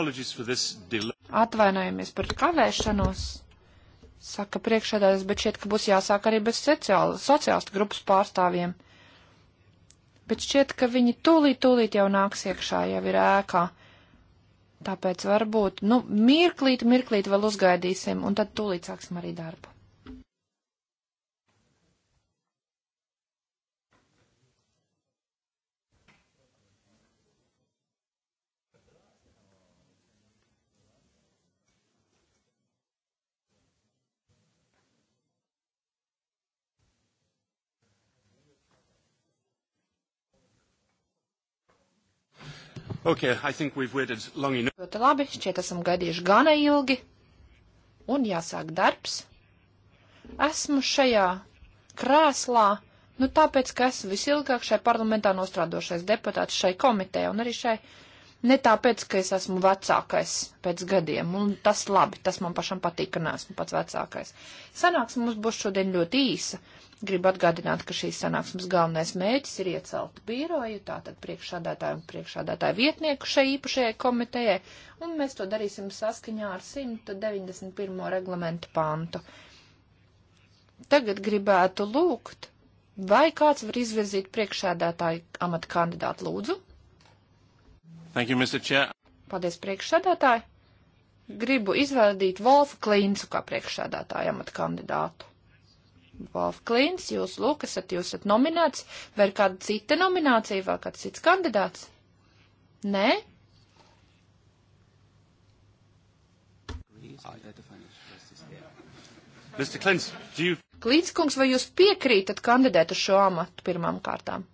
Atvainojamies par kavēšanos, saka priekšēdājs, bet šķiet, ka būs jāsāk arī bez sociālistu grupas pārstāvjiem. Bet šķiet, ka viņi tūlīt, tūlīt jau nāks iekšā, jau ir ēkā. Tāpēc varbūt, nu, mirklīt, mirklīt vēl uzgaidīsim, un tad tūlīt sāksim arī darbu. Okay, I think we've waited long enough. Ļoti labi, šķiet esam gaidījuši gana ilgi. Un jāsāk darbs. Esmu šajā krēslā, nu tāpēc, ka esmu visilgāk šai parlamentā nostrādošais deputāts šai komitē un arī šai ne tāpēc, ka es esmu vecākais pēc gadiem, un tas labi, tas man pašam patīk, ka neesmu pats vecākais. Sanāks mums būs šodien ļoti īsa, Gribu atgādināt, ka šīs sanāksmes galvenais mēģis ir iecelt biroju, tātad priekšādātāju un priekšādātāju vietnieku šai īpašajai komitejai, un mēs to darīsim saskaņā ar 191. reglamentu pantu. Tagad gribētu lūgt, vai kāds var izvirzīt priekšādātāju amata kandidātu lūdzu? Thank you, Mr. Chair. Paldies, priekšādātāji. Gribu izvēlēt Volfu Klīncu kā priekšādātāju amata kandidātu. Wolf Klīns, jūs lūk, esat, jūs esat nominēts, vai ir kāda cita nominācija, vai kāds cits kandidāts? Nē? Mr. Klins, do you... Klīnskungs, vai jūs piekrītat kandidēt uz šo amatu pirmām kārtām?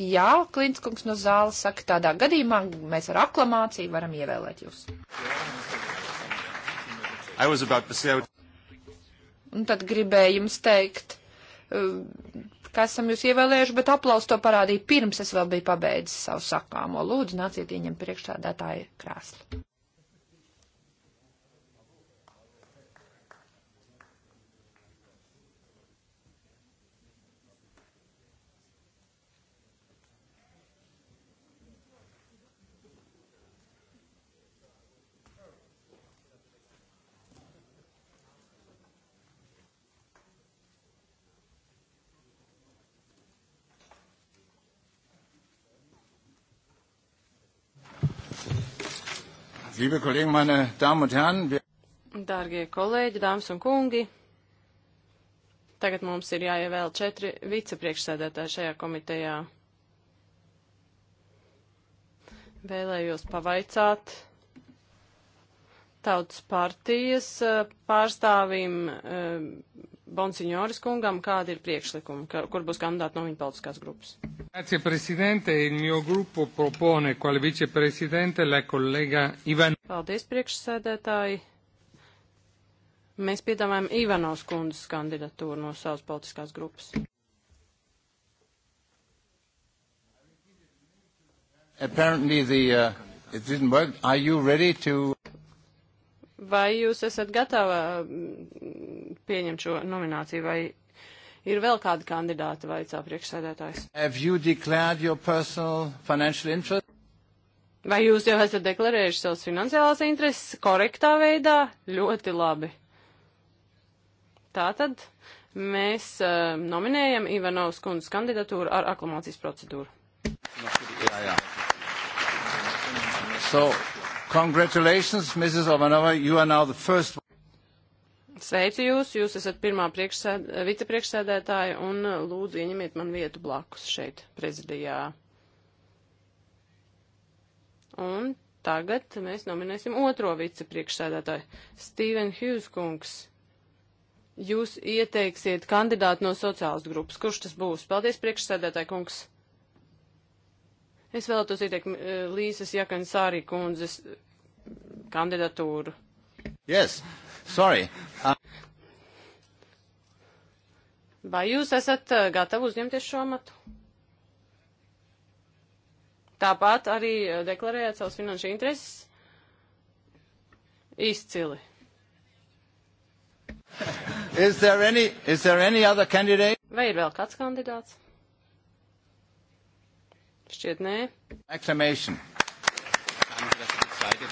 Jā, Klīnskungs no zāles saka, tādā gadījumā mēs ar aklamāciju varam ievēlēt jūs. I was about to say, Un tad gribēju jums teikt, eh, ka esam jūs ievēlējuši, bet aplaus to parādīja pirms es vēl biju pabeidzis savu sakāmo. Lūdzu, nāciet ieņemt priekšstādātāju krēslu. liebe Kollegen, meine Damen un Herren, wir... Dārgie kolēģi, dāmas un kungi, tagad mums ir jāievēl četri vicepriekšsēdētāji šajā komitejā. Vēlējos pavaicāt tautas partijas eh, pārstāvim eh, Bonsignoris kungam, kāda ir priekšlikuma, ka, kur būs kandidāti no viņa politiskās grupas. Grazie, prezidente. Il mio gruppo propone quale viceprezidente la collega Ivan. Paldies, priekšsēdētāji. Mēs piedāvājam Ivanovs kundzes kandidatūru no savas politiskās grupas. Apparently the, uh, it didn't work. Are you ready to... Vai jūs esat gatava mm, pieņemt šo nomināciju, vai ir vēl kādi kandidāti, vaicā priekšsēdētājs? You vai jūs jau esat deklarējuši savas finansiālās intereses korektā veidā? Ļoti labi. Tātad mēs uh, nominējam Ivanovas kundzes kandidatūru ar aklamācijas procedūru. Jā, jā. So, Congratulations, Mrs. Omanova, you are now the first. Sveicu jūs, jūs esat pirmā priekšsēd, vicepriekšsēdētāja un uh, lūdzu ieņemiet man vietu blakus šeit prezidijā. Un tagad mēs nominēsim otro vicepriekšsēdētāju, Steven Hughes kungs. Jūs ieteiksiet kandidātu no sociālas grupas. Kurš tas būs? Paldies, priekšsēdētāji kungs. Es vēlētos ieteikt eh, Līsas Jakansārī kundzes eh, kandidatūru. Yes, sorry. Uh... Vai jūs esat eh, gatavi uzņemties šo amatu? Tāpat arī deklarējāt savus finanšu intereses. Izcili. Is there any, is there any other candidate? Vai ir vēl kāds kandidāts? Šķiet, nē. Acclamation.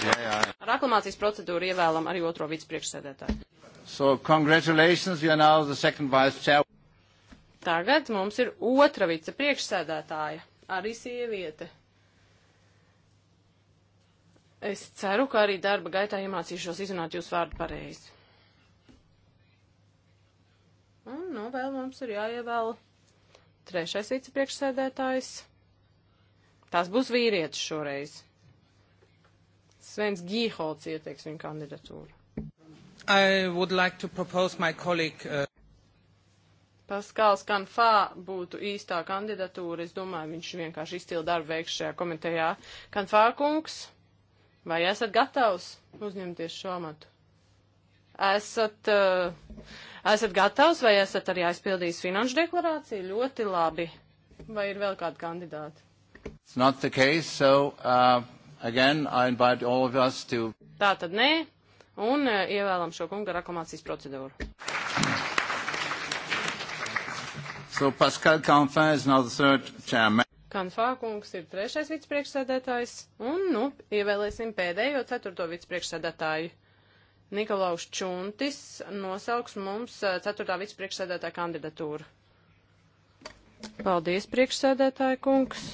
Jā, jā. Ar aklamācijas procedūru ievēlam arī otro vicepriekšsēdētāju. So, congratulations, you are now the second vice chair. Tagad mums ir otra vicepriekšsēdētāja, arī sieviete. Es ceru, ka arī darba gaitā iemācīšos izrunāt jūsu vārdu pareizi. Un, nu, vēl mums ir jāievēl trešais vicepriekšsēdētājs. Tās būs vīrietis šoreiz. Svens Gīholts ieteiks viņu kandidatūru. I would like to propose my colleague. Uh... Paskāls Kanfā būtu īstā kandidatūra. Es domāju, viņš vienkārši izcili darbu veiks šajā komitejā. Kanfā kungs, vai esat gatavs uzņemties šo amatu? Esat, uh, esat gatavs vai esat arī aizpildījis finanšu deklarāciju? Ļoti labi. Vai ir vēl kādi kandidāti? It's not the case, so uh, again, I invite all of us to. Tā tad nē, un uh, ievēlam šo kunga reklamācijas procedūru. So Pascal Canfin is now the third chairman. Kanfā kungs ir trešais vicepriekšsēdētājs, un, nu, ievēlēsim pēdējo ceturto vicepriekšsēdētāju. Nikolaus Čuntis nosauks mums uh, ceturtā vicepriekšsēdētāja kandidatūru. Paldies, priekšsēdētāja kungs.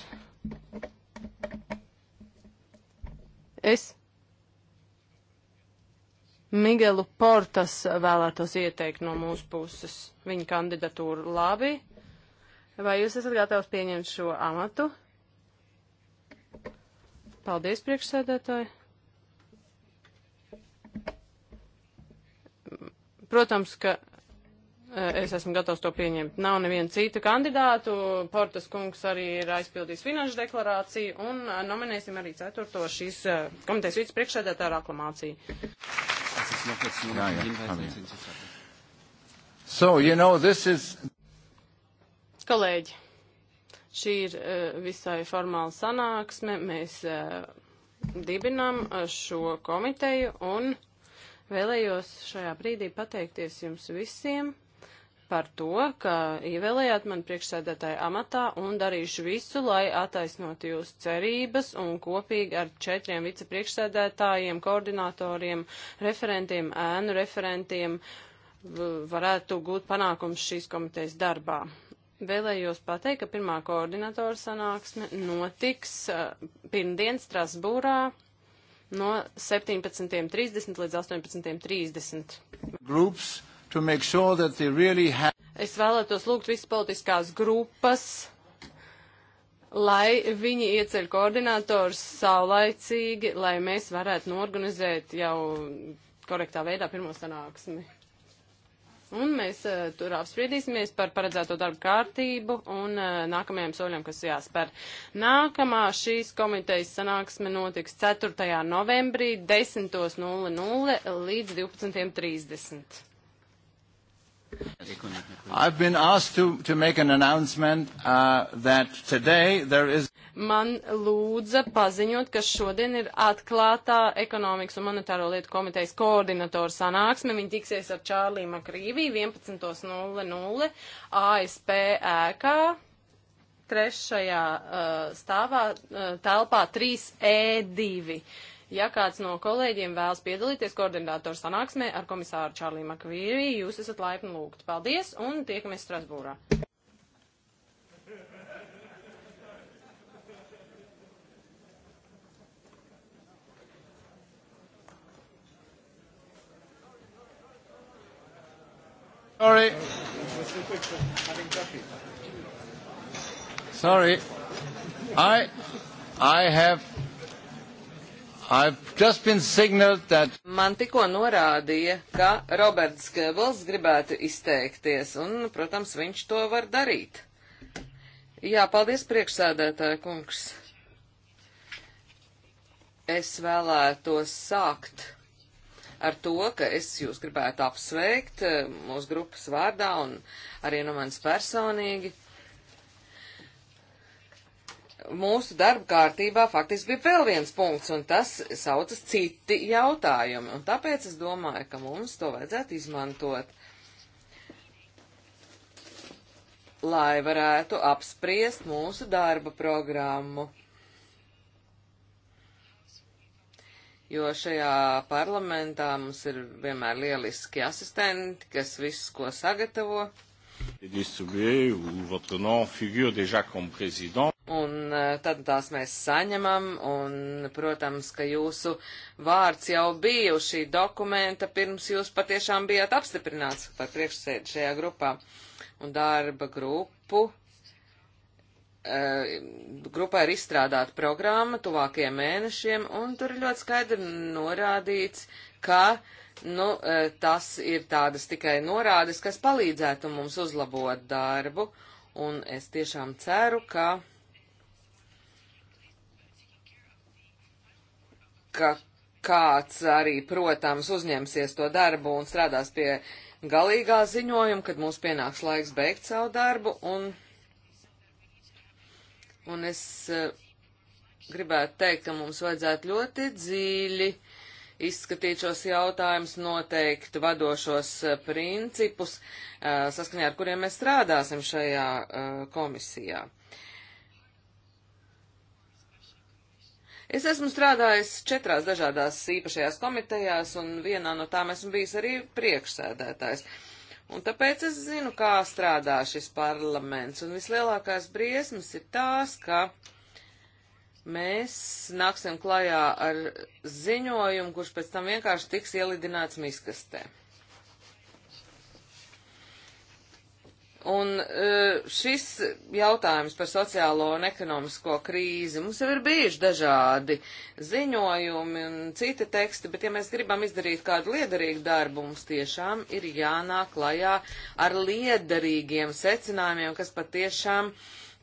Es Migelu Portas vēlētos ieteikt no mūsu puses. Viņa kandidatūra labi. Vai jūs esat gatavs pieņemt šo amatu? Paldies, priekšsēdētāji. Protams, ka Es esmu gatavs to pieņemt. Nav neviena cita kandidātu. Portas kungs arī ir aizpildījis finanšu deklarāciju un eh, nominēsim arī ceturto šīs eh, komitejas vicepriekšsēdētāju ar aklamāciju. Jā, jā, jā. So, you know, this is... Kolēģi, šī ir uh, visai formāla sanāksme. Mēs uh, dibinām šo komiteju un vēlējos šajā brīdī pateikties jums visiem par to, ka ievēlējāt man priekšsēdētāju amatā un darīšu visu, lai attaisnot jūsu cerības un kopīgi ar četriem vicepriekšsēdētājiem, koordinatoriem, referentiem, ēnu referentiem varētu gūt panākums šīs komitejas darbā. Vēlējos pateikt, ka pirmā koordinatora sanāksme notiks eh, pirmdien Strasbūrā no 17.30 līdz 18.30. Groups to make sure that they really have. Es vēlētos lūgt visas politiskās grupas, lai viņi ieceļ koordinātors saulaicīgi, lai mēs varētu norganizēt jau korektā veidā pirmo sanāksmi. Un mēs uh, tur apspriedīsimies par paredzēto darbu kārtību un uh, nākamajiem soļiem, kas jāspēr. Nākamā šīs komitejas sanāksme notiks 4. novembrī 10.00 līdz 12.30. I've been asked to, to make an announcement uh, that today there is. Man lūdza paziņot, ka šodien ir atklātā ekonomikas un monetāro lietu komitejas koordinatoru sanāksme. Viņi tiksies ar Čārlī Makrīvī 11.00 ASP ēkā trešajā uh, stāvā uh, telpā 3E2. Ja kāds no kolēģiem vēlas piedalīties koordinātoru sanāksmē ar komisāru Čārlī Makvīrī, jūs esat laipni lūgt. Paldies un tiekamies Strasbūrā! Sorry. Sorry. I I have That... Man tikko norādīja, ka Roberts Goebbels gribētu izteikties, un, protams, viņš to var darīt. Jā, paldies priekšsēdētāja kungs. Es vēlētos sākt ar to, ka es jūs gribētu apsveikt eh, mūsu grupas vārdā un arī no manis personīgi mūsu darba kārtībā faktiski bija vēl viens punkts, un tas saucas citi jautājumi. Un tāpēc es domāju, ka mums to vajadzētu izmantot, lai varētu apspriest mūsu darba programmu. Jo šajā parlamentā mums ir vienmēr lieliski asistenti, kas viss, ko sagatavo. Un e, tad tās mēs saņemam, un, protams, ka jūsu vārds jau bija uz šī dokumenta, pirms jūs patiešām bijāt apstiprināts par priekšsēdi šajā grupā. Un darba grupu, e, grupai ir izstrādāta programma tuvākajiem mēnešiem, un tur ir ļoti skaidri norādīts, ka uh, Nu, e, tas ir tādas tikai norādes, kas palīdzētu mums uzlabot darbu, un es tiešām ceru, ka, ka kāds arī, protams, uzņemsies to darbu un strādās pie galīgā ziņojuma, kad mums pienāks laiks beigt savu darbu, un, un es e, gribētu teikt, ka mums vajadzētu ļoti dziļi izskatīt šos jautājumus, noteikt vadošos eh, principus, eh, saskaņā ar kuriem mēs strādāsim šajā eh, komisijā. Es esmu strādājis četrās dažādās īpašajās komitejās, un vienā no tām esmu bijis arī priekšsēdētājs. Un tāpēc es zinu, kā strādā šis parlaments, un vislielākās briesmas ir tās, ka uh, mēs nāksim klajā ar ziņojumu, kurš pēc tam vienkārši tiks ielidināts miskastē. Un e, šis jautājums par sociālo un ekonomisko krīzi, mums jau ir bijuši dažādi ziņojumi un citi teksti, bet ja mēs gribam izdarīt kādu liederīgu darbu, mums tiešām ir jānāk klajā ar liederīgiem secinājumiem, kas patiešām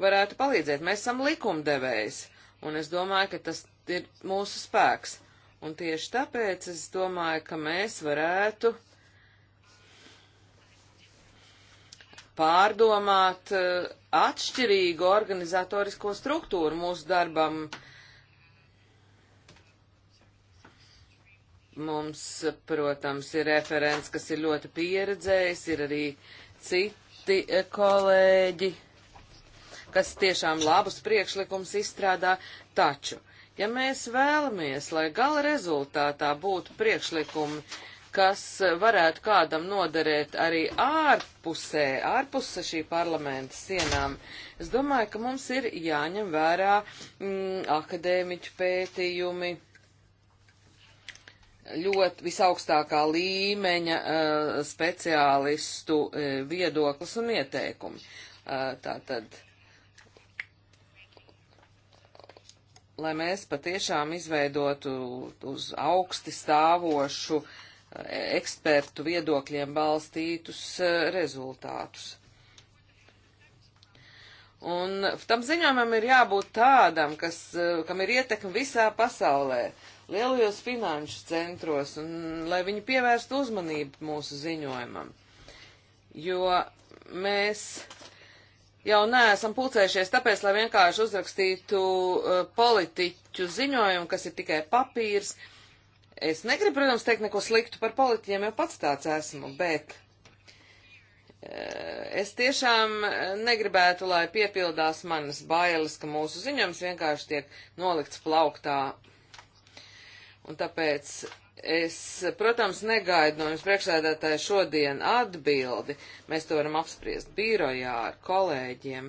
varētu palīdzēt. Mēs esam likumdevējs un es domāju, ka tas ir mūsu spēks. Un tieši tāpēc es domāju, ka mēs varētu pārdomāt eh, atšķirīgu organizatorisko struktūru mūsu darbam. Mums, protams, ir referents, kas ir ļoti pieredzējis, ir arī citi eh, kolēģi kas tiešām labus priekšlikumus izstrādā, taču, ja mēs vēlamies, lai gala rezultātā būtu priekšlikumi, kas varētu kādam noderēt arī ārpusē, ārpusē šī parlamenta sienām. Es domāju, ka mums ir jāņem vērā mm, akadēmiķu pētījumi, ļoti visaugstākā līmeņa uh, speciālistu uh, viedoklis un ieteikumi. Uh, tātad lai mēs patiešām izveidotu uz augsti stāvošu e, ekspertu viedokļiem balstītus e, rezultātus. Un tam ziņojumam ir jābūt tādam, kas, e, kam ir ietekme visā pasaulē, lielajos finanšu centros, un lai viņi pievērstu uzmanību mūsu ziņojumam. Jo mēs jau neesam pulcējušies tāpēc, lai vienkārši uzrakstītu uh, politiķu ziņojumu, kas ir tikai papīrs. Es negribu, protams, teikt neko sliktu par politiķiem, jo pats tāds esmu, bet uh, es tiešām negribētu, lai piepildās manas bailes, ka mūsu ziņojums vienkārši tiek nolikts plauktā. Un tāpēc Es, protams, negaidu no jums priekšsēdētāja šodien atbildi. Mēs to varam apspriest birojā ar kolēģiem.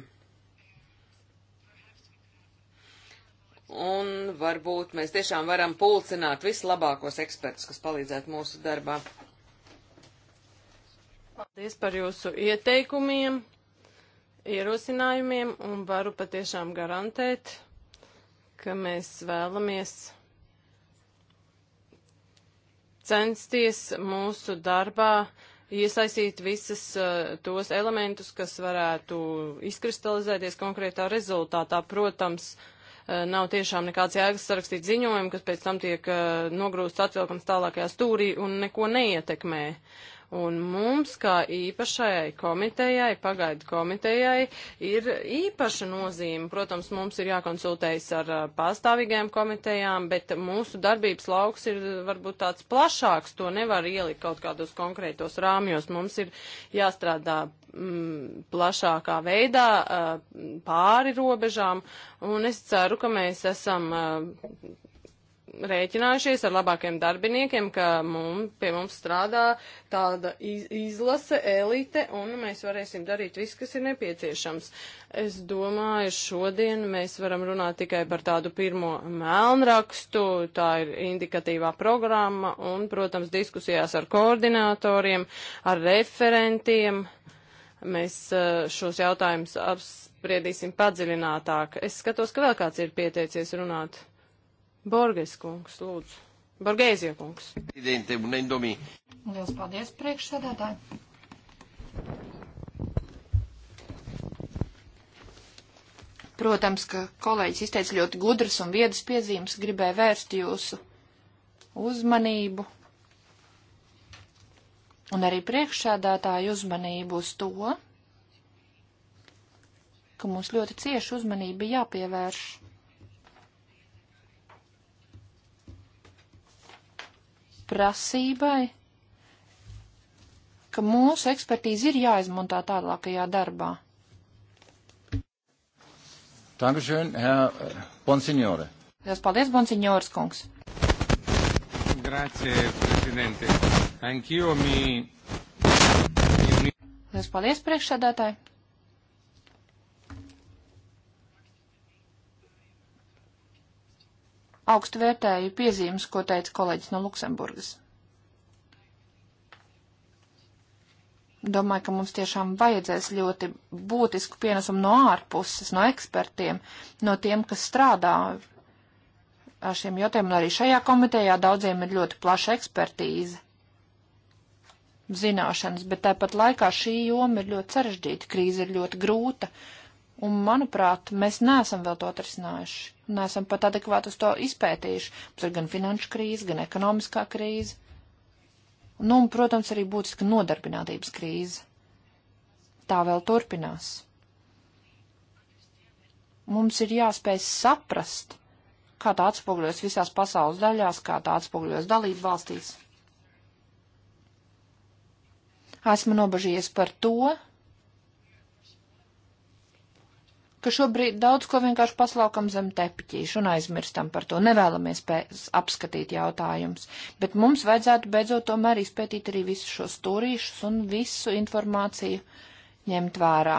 Un varbūt mēs tiešām varam pulcināt vislabākos ekspertus, kas palīdzētu mūsu darbā. Paldies par jūsu ieteikumiem, ierosinājumiem un varu patiešām garantēt, ka mēs vēlamies censties mūsu darbā iesaistīt visas uh, tos elementus, kas varētu izkristalizēties konkrētā rezultātā. Protams, uh, nav tiešām nekāds jēgas sarakstīt ziņojumu, kas pēc tam tiek uh, eh, nogrūsts atvilkams tālākajā stūrī un neko neietekmē. Uh, Un mums, kā īpašajai komitejai, pagaidu komitejai, ir īpaša nozīme. Protams, mums ir jākonsultējas ar pastāvīgajām komitejām, bet mūsu darbības lauks ir varbūt tāds plašāks. To nevar ielikt kaut kādos konkrētos rāmjos. Mums ir jāstrādā m, mm, plašākā veidā pāri robežām, un es ceru, ka mēs esam rēķinājušies ar labākiem darbiniekiem, ka mums, pie mums strādā tāda izlase, elite, un mēs varēsim darīt visu, kas ir nepieciešams. Es domāju, šodien mēs varam runāt tikai par tādu pirmo mēlnrakstu, tā ir indikatīvā programma, un, protams, diskusijās ar koordinatoriem, ar referentiem. Mēs eh, šos jautājumus apspriedīsim padziļinātāk. Es skatos, ka vēl kāds ir pieteicies runāt. Borges kungs, lūdzu. Borgēzie kungs. Liels paldies, priekšsēdētāji. Protams, ka kolēģis izteica ļoti gudras un viedas piezīmes, gribēja vērst jūsu uzmanību un arī priekšsēdētāju uzmanību uz to, ka mums ļoti cieši uzmanība jāpievērš prasībai, ka mūsu ekspertīze ir jāizmantā tālākajā darbā. Dankeschön, Herr eh, Bonsignore. Lielas paldies, Bonsignors kungs. Grazie, prezidente. Anch'io mi... Lielas paldies, priekšsēdētāji. augstu vērtēju piezīmes, ko teica kolēģis no Luksemburgas. Domāju, ka mums tiešām vajadzēs ļoti būtisku pienesumu no ārpuses, no ekspertiem, no tiem, kas strādā ar šiem jautājumiem. Arī šajā komitejā daudziem ir ļoti plaša ekspertīze, zināšanas, bet tāpat laikā šī joma ir ļoti sarežģīta, krīze ir ļoti grūta. Uh, Un, manuprāt, mēs neesam vēl to atrisinājuši. Neesam pat adekvāti uz to izpētījuši. Mums ir gan finanšu krīze, gan ekonomiskā krīze. Nu, un, protams, arī būtiska nodarbinātības krīze. Tā vēl turpinās. Mums ir jāspēj saprast, kā tā atspoguļojas visās pasaules daļās, kā tā atspoguļojas dalību valstīs. Esmu nobažījies par to, ka šobrīd daudz ko vienkārši paslaukam zem tepiķīšu un aizmirstam par to. Nevēlamies pēc, apskatīt jautājumus, bet mums vajadzētu beidzot tomēr izpētīt arī visus šos stūrīšus un visu informāciju ņemt vērā.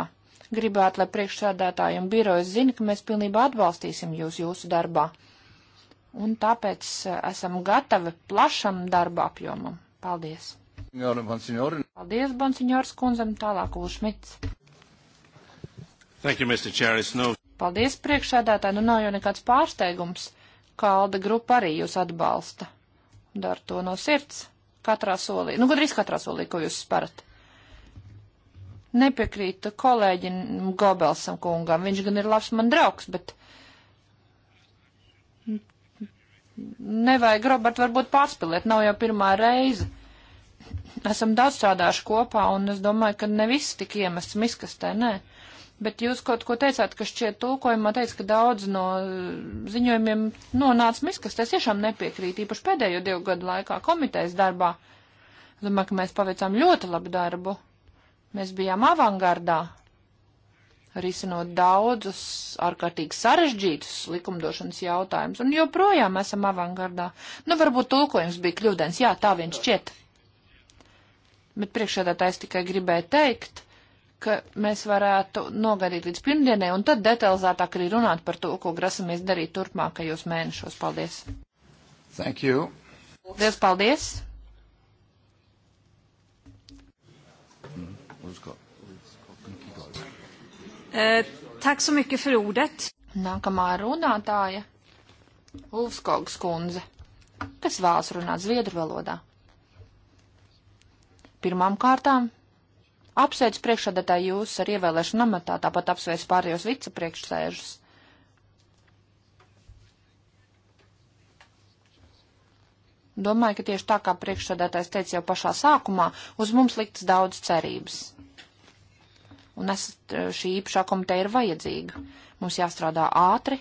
Gribētu, lai priekšsēdētāji un birojas zina, ka mēs pilnībā atbalstīsim jūs jūsu darbā. Un tāpēc eh, esam gatavi plašam darba apjomam. Paldies! Paldies, Bonsignors kundzem, tālāk Ulšmits. Thank you, Mr. Chair. It's no... Paldies, priekšsēdētāji. Nu nav jau nekāds pārsteigums, ka Alda grupa arī jūs atbalsta. Dar to no sirds. Katrā solī. Nu, gandrīz katrā solī, ko jūs sparat. Nepiekrītu kolēģim Gobelsam kungam. Viņš gan ir labs man draugs, bet nevajag, Robert, varbūt pārspilēt, nav jau pirmā reize. Esam daudz strādājuši kopā, un es domāju, ka ne viss tik iemests miskastē, nē. Ne bet jūs kaut ko teicāt, ka šķiet tulkojumā teica, ka daudz no eh, ziņojumiem nonāca miskas. Es tiešām nepiekrītu, īpaši pēdējo divu gadu laikā komitejas darbā. Domāju, ka mēs paveicām ļoti labu darbu. Mēs bijām avangardā, risinot daudzus ārkārtīgi sarežģītus likumdošanas jautājumus, un joprojām esam avangardā. Nu, varbūt tulkojums bija kļūdens, jā, tā viens šķiet. Bet priekšēdētājs tikai gribēja teikt, ka mēs varētu nogaidīt līdz pirmdienai un tad detalizētāk arī runāt par to, ko grasamies darīt turpmākajos mēnešos. Paldies! Thank you! Paldies, paldies! Uh, tack så mycket för ordet. Nākamā runātāja - Ulfskogs kundze, kas vēlas runāt zviedru valodā. Pirmām kārtām Apsveicu priekšsādātāju jūs ar ievēlēšanu amatā, tāpat apsveicu pārējos vicepriekšsēžus. Domāju, ka tieši tā kā priekšsādātājs teica jau pašā sākumā, uz mums liktas daudz cerības. Un es, šī īpašā komiteja ir vajadzīga. Mums jāstrādā ātri,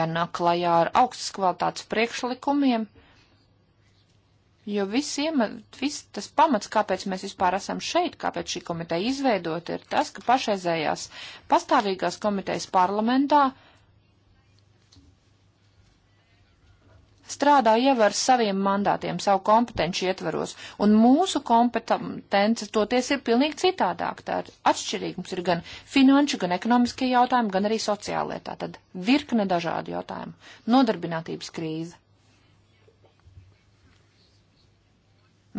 jānāk klajā ar augstas kvalitātes priekšlikumiem Jo viss, viss tas pamats, kāpēc mēs vispār esam šeit, kāpēc šī komiteja izveidota, ir tas, ka pašreizējās pastāvīgās komitejas parlamentā strādā jau ar saviem mandātiem, savu kompetenci ietvaros, un mūsu kompetence toties ir pilnīgi citādāk. Tā ir atšķirīga. Mums ir gan finanšu, gan ekonomiskie jautājumi, gan arī sociālē. Tātad virkne dažādu jautājumu. Nodarbinātības krīze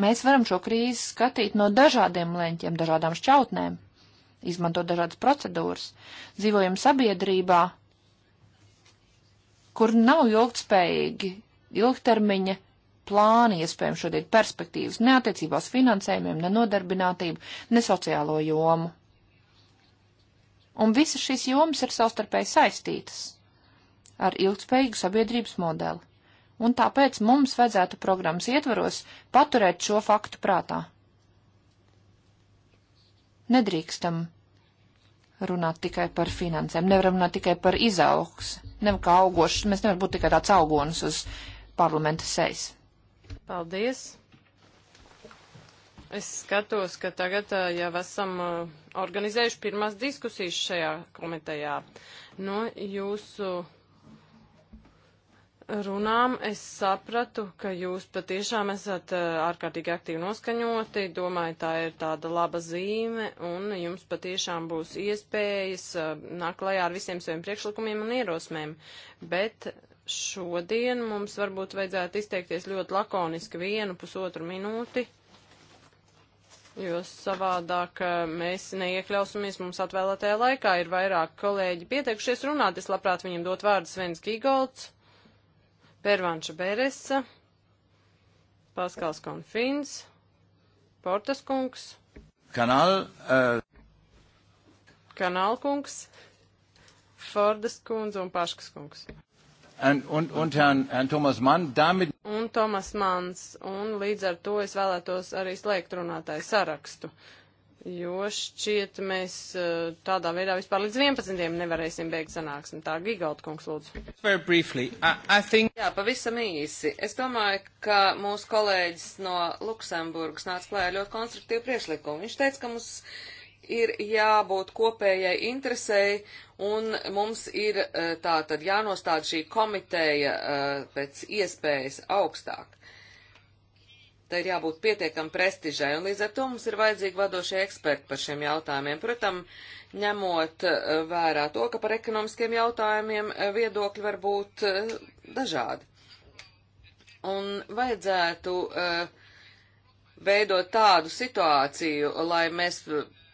Mēs varam šo krīzi skatīt no dažādiem leņķiem, dažādām šķautnēm, izmantot dažādas procedūras. Dzīvojam sabiedrībā, kur nav ilgtspējīgi ilgtermiņa plāni, iespējams, šodien perspektīvas, ne attiecībās finansējumiem, ne nodarbinātību, ne sociālo jomu. Un visas šīs jomas ir savstarpēji saistītas ar ilgtspējīgu sabiedrības modeli un tāpēc mums vajadzētu programmas ietvaros paturēt šo faktu prātā. Nedrīkstam runāt tikai par finansēm, nevaram runāt tikai par izaugs, nevar kā augošs, mēs nevaram būt tikai tāds augonis uz parlamenta sejas. Paldies! Es skatos, ka tagad jau esam organizējuši pirmās diskusijas šajā komitejā. No nu, jūsu runām es sapratu, ka jūs patiešām esat eh, ārkārtīgi aktīvi noskaņoti, domāju, tā ir tāda laba zīme, un jums patiešām būs iespējas eh, nāk klajā ar visiem saviem priekšlikumiem un ierosmēm. Bet šodien mums varbūt vajadzētu izteikties ļoti lakoniski vienu pusotru minūti, jo savādāk eh, mēs neiekļausimies mums atvēlētajā laikā. Ir vairāk kolēģi pieteikušies runāt, es labprāt viņiem dot vārdu Svens Gigolds. Pervanša Beresa, Paskals Konfins, Portas kungs. Kanāl. Uh... Eh, Kanāl kungs, Fordas kundze un Paškas kungs. Un, un, un, un, un Tomas Mann, damit... Un Tomas Mans, un līdz ar to es vēlētos arī slēgt runātāju sarakstu. Uh, jo šķiet mēs eh, tādā veidā vispār līdz 11. nevarēsim beigt sanāksmi. Tā Gigalda kungs lūdzu. Very briefly, I, I think... Jā, pavisam īsi. Es domāju, ka mūsu kolēģis no Luksemburgas nāca klājā ļoti konstruktīvu priešlikumu. Viņš teica, ka mums ir jābūt kopējai interesei un mums ir eh, tā tad jānostāda šī komiteja eh, pēc iespējas augstāk tai ir jābūt pietiekam prestižai, un līdz ar to mums ir vajadzīgi vadošie eksperti par šiem jautājumiem. Protams, ņemot eh, vērā to, ka par ekonomiskiem jautājumiem eh, viedokļi var būt eh, dažādi. Un vajadzētu veidot tādu situāciju, lai mēs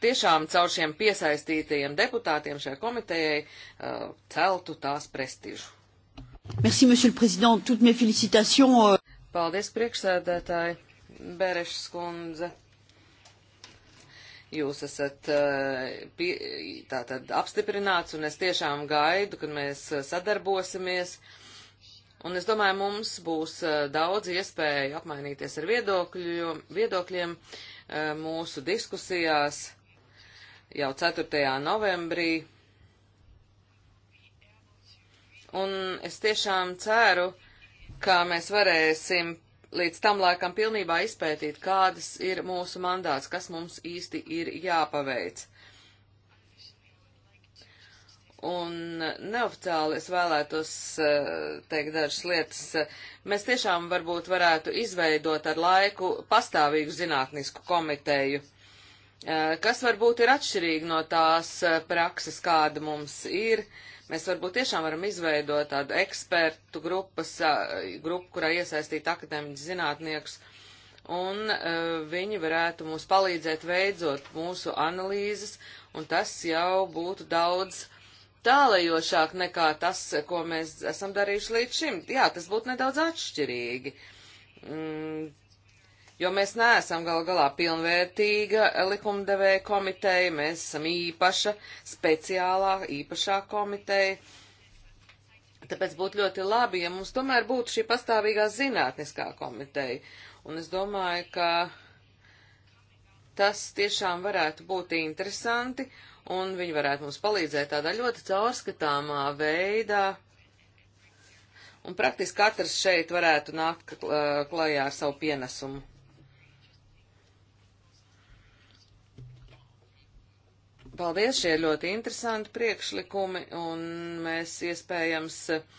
tiešām caur šiem piesaistītajiem deputātiem šai komitejai celtu tās prestižu. Merci, Monsieur le Président. Toutes mes félicitations. Euh. Paldies, priekšsēdētāji! Berešs kundze. Jūs esat eh, pie, tātad apstiprināts, un es tiešām gaidu, kad mēs eh, sadarbosimies. Un es domāju, mums būs eh, daudz iespēju apmainīties ar viedokļu, viedokļiem mūsu diskusijās jau 4. novembrī. Un es tiešām ceru, ka mēs varēsim līdz tam laikam pilnībā izpētīt, kādas ir mūsu mandāts, kas mums īsti ir jāpaveic. Un neoficiāli es vēlētos eh, teikt dažas lietas. Mēs tiešām varbūt varētu izveidot ar laiku pastāvīgu zinātnisku komiteju, eh, kas varbūt ir atšķirīga no tās eh, prakses, kāda mums ir. Uh, Mēs varbūt tiešām varam izveidot tādu ekspertu grupas, grupu, kurā iesaistīt akadēmiķus zinātniekus, un uh, viņi varētu mums palīdzēt veidzot mūsu analīzes, un tas jau būtu daudz tālajošāk nekā tas, ko mēs esam darījuši līdz šim. Jā, tas būtu nedaudz atšķirīgi. Mm, jo mēs neesam gal galā pilnvērtīga likumdevēja komiteja, mēs esam īpaša, speciālā, īpašā komiteja. Tāpēc būtu ļoti labi, ja mums tomēr būtu šī pastāvīgā zinātniskā komiteja. Un es domāju, ka tas tiešām varētu būt interesanti, un viņi varētu mums palīdzēt tādā ļoti caurskatāmā veidā. Un praktiski katrs šeit varētu nākt uh, klajā ar savu pienesumu. Paldies, šie ir ļoti interesanti priekšlikumi, un mēs iespējams eh,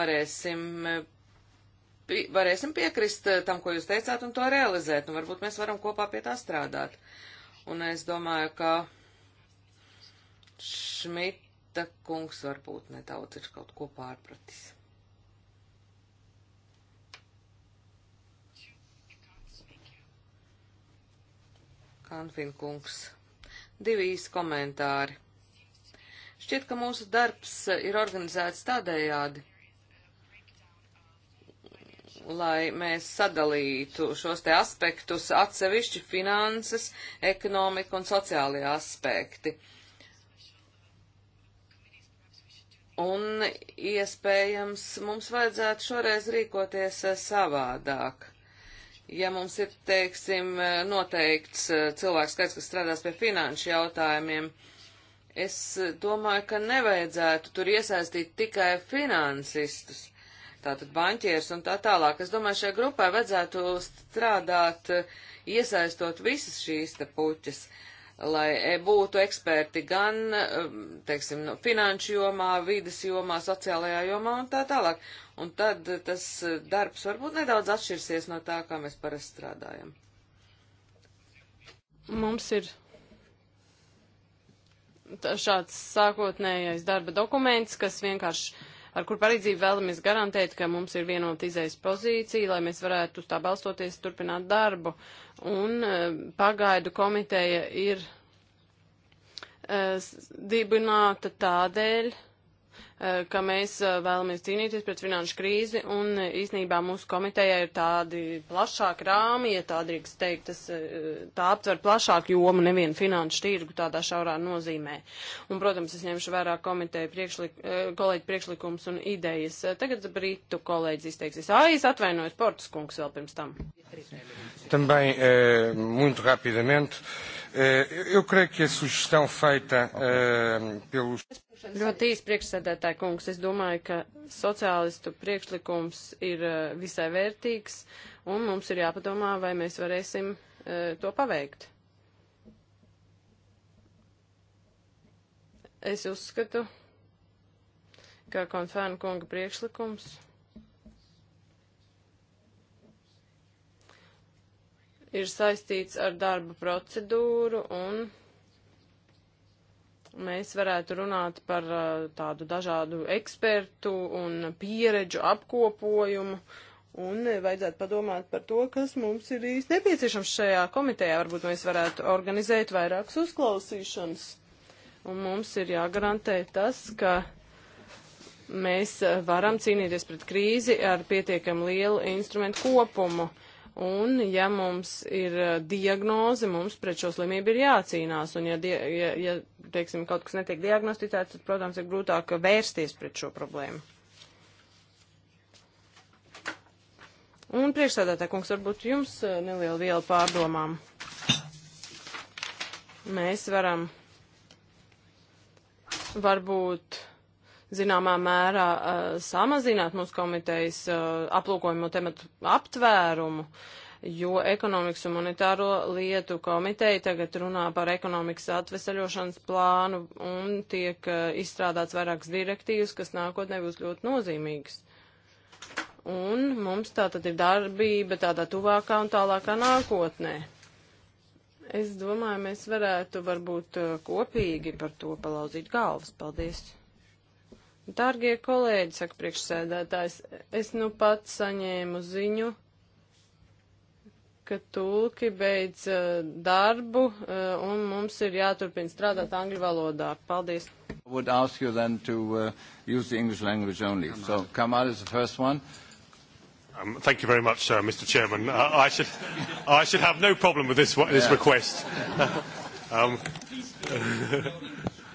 varēsim, eh, varēsim piekrist eh, tam, ko jūs teicāt, un to realizēt, un nu, varbūt mēs varam kopā pie tā strādāt. Un es domāju, ka Šmita kungs varbūt nedaudz ir kaut ko pārpratis. Kanfin kungs. Divi īsi komentāri. Šķiet, ka mūsu darbs ir organizēts tādējādi, lai mēs sadalītu šos te aspektus atsevišķi finanses, ekonomika un sociālie aspekti. Un iespējams mums vajadzētu šoreiz rīkoties eh, savādāk ja mums ir, teiksim, noteikts eh, cilvēks skaits, kas strādās pie finanšu jautājumiem, es domāju, ka nevajadzētu tur iesaistīt tikai finansistus, tātad banķieris un tā tālāk. Es domāju, šai grupai vajadzētu strādāt, eh, iesaistot visas šīs te puķas. Uh, lai e, būtu eksperti gan, um, teiksim, no finanšu jomā, vidas jomā, sociālajā jomā un tā tālāk. Un tad tas uh, darbs varbūt nedaudz atšķirsies no tā, kā mēs parasti strādājam. Mums ir šāds sākotnējais darba dokuments, kas vienkārši ar kur palīdzību vēlamies garantēt, ka mums ir vienota izejas pozīcija, lai mēs varētu uz tā balstoties turpināt darbu. Uh, un e, pagaidu komiteja ir uh, dibināta tādēļ, Eh, ka mēs eh, vēlamies cīnīties pret finanšu krīzi, un eh, īsnībā mūsu komitejā ir tādi plašāki rāmi, ja tā drīkst teikt, tas, tā aptver plašāku jomu, nevienu finanšu tirgu tādā šaurā nozīmē. Un, protams, es ņemšu vērā komiteju priekšlik, kolēģi priekšlikums un idejas. Tagad britu kolēģis izteiksies. Ai, es atvainojos, Portus kungs vēl pirms tam. Também, eh, muito rapidamente, eh, eu creio que a sugestão feita eh, pelos. Ļoti īsti priekšsēdētāji kungs, es domāju, ka sociālistu priekšlikums ir eh, visai vērtīgs, un mums ir jāpadomā, vai mēs varēsim eh, to paveikt. Es uzskatu, ka konfēna kunga priekšlikums ir saistīts ar darba procedūru un mēs varētu runāt par tādu dažādu ekspertu un pieredžu apkopojumu. Un vajadzētu padomāt par to, kas mums ir īsti nepieciešams šajā komitejā. Varbūt mēs varētu organizēt vairākas uzklausīšanas. Un mums ir jāgarantē tas, ka mēs varam cīnīties pret krīzi ar pietiekam lielu instrumentu kopumu. Uh, Un, ja mums ir eh, diagnoze, mums pret šo slimību ir jācīnās. Un, ja, ja, ja teiksim, kaut kas netiek diagnosticēts, tad, protams, ir grūtāk vērsties pret šo problēmu. Un, priekšsēdētāj, kungs, varbūt jums eh, neliela viela pārdomām. Mēs varam varbūt zināmā mērā eh, samazināt mūsu komitejas eh, aplūkojamo tematu aptvērumu, jo ekonomikas un monetāro lietu komiteja tagad runā par ekonomikas atvesaļošanas plānu un tiek eh, izstrādāts vairākas direktīvas, kas nākotnē būs ļoti nozīmīgas. Un mums tā tad ir darbība tādā tuvākā un tālākā nākotnē. Es domāju, mēs varētu varbūt kopīgi par to palauzīt galvas. Paldies! Dargie kolēģi, saka priekšsēdētājs, es nu pats saņēmu ziņu, ka tulki beidz uh, darbu uh, un mums ir jāturpina strādāt angļu valodā. Paldies. I would ask you then to uh, use the English language only. So Kamal is the first one. Um, thank you very much, uh, Mr. Chairman. Uh, I, should, I should have no problem with this, this yeah. request. um,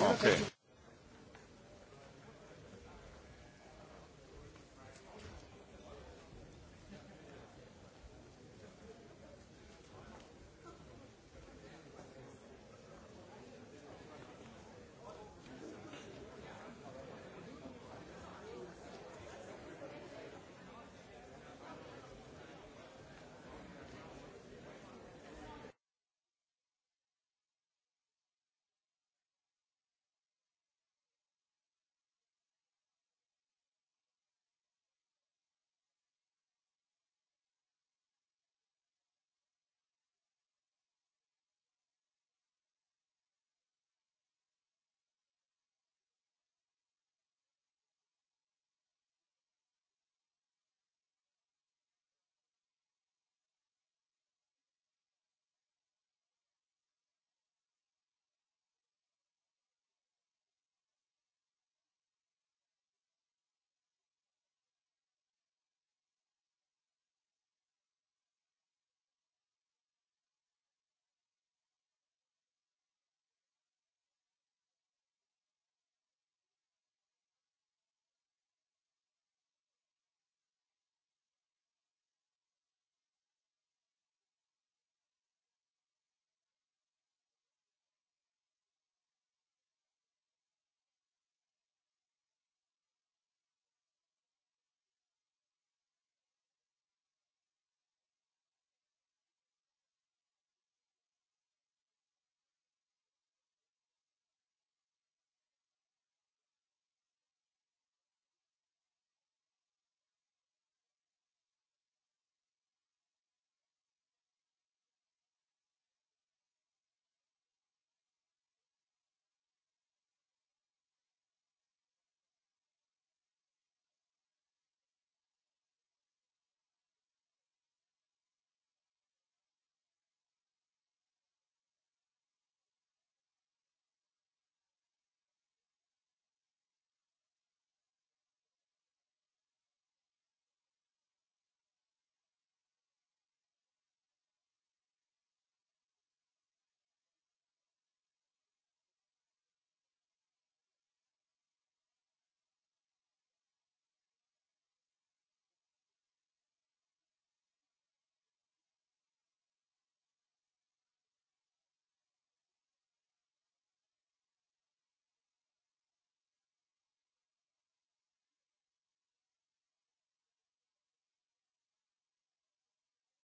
Okay.